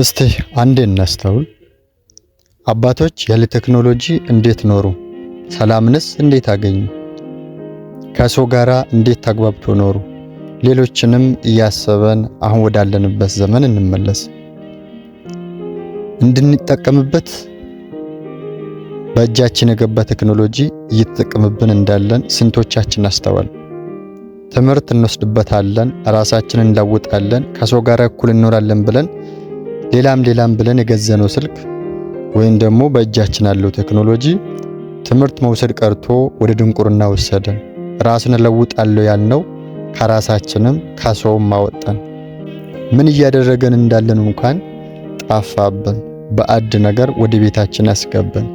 እስቲ አንዴ እናስተውል። አባቶች ያለ ቴክኖሎጂ እንዴት ኖሩ? ሰላምንስ እንዴት አገኙ? ከሰው ጋራ እንዴት ተግባብቶ ኖሩ? ሌሎችንም እያሰበን አሁን ወዳለንበት ዘመን እንመለስ፣ እንድንጠቀምበት በእጃችን የገባ ቴክኖሎጂ እየተጠቀምብን እንዳለን ስንቶቻችን አስተዋል? ትምህርት እንወስድበታለን፣ ራሳችንን እንለውጣለን፣ ከሰው ጋር እኩል እንኖራለን ብለን ሌላም ሌላም ብለን የገዘነው ስልክ ወይም ደግሞ በእጃችን ያለው ቴክኖሎጂ ትምህርት መውሰድ ቀርቶ ወደ ድንቁርና ወሰደን። ራስን እለውጣለሁ ያልነው ከራሳችንም ከሰውም አወጣን። ምን እያደረገን እንዳለን እንኳን ጣፋብን። በአድ ነገር ወደ ቤታችን አስገብን።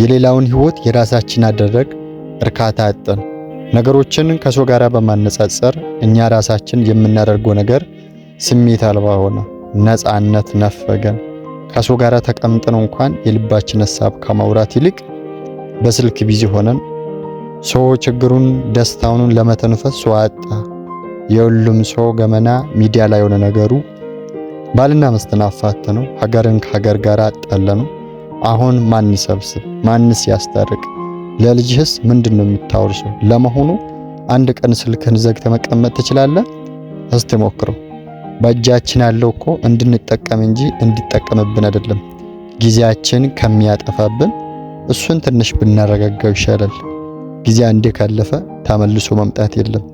የሌላውን ህይወት የራሳችን አደረግ፣ እርካታ አጠን። ነገሮችን ከሰው ጋር በማነጻጸር እኛ ራሳችን የምናደርገው ነገር ስሜት አልባ ሆነ። ነፃነት ነፈገን። ከሰው ጋር ተቀምጠን እንኳን የልባችን ሐሳብ ከማውራት ይልቅ በስልክ ቢዚ ሆነን ሰው ችግሩን ደስታውን ለመተንፈስ ሰው አጣ። የሁሉም ሰው ገመና ሚዲያ ላይ የሆነ ነገሩ ባልና ሚስትን ነው ሀገርን ከሀገር ጋር አጣለነው። አሁን ማን ይሰብስብ? ማንስ ያስታርቅ? ለልጅህስ ምንድነው የምታወርሰው? ለመሆኑ አንድ ቀን ስልክን ዘግተህ መቀመጥ ትችላለህ? እስቲ ሞክረው። በእጃችን ያለው እኮ እንድንጠቀም እንጂ እንዲጠቀምብን አይደለም። ጊዜያችን ከሚያጠፋብን እሱን ትንሽ ብናረጋጋው ይሻላል። ጊዜ አንዴ ካለፈ ተመልሶ መምጣት የለም።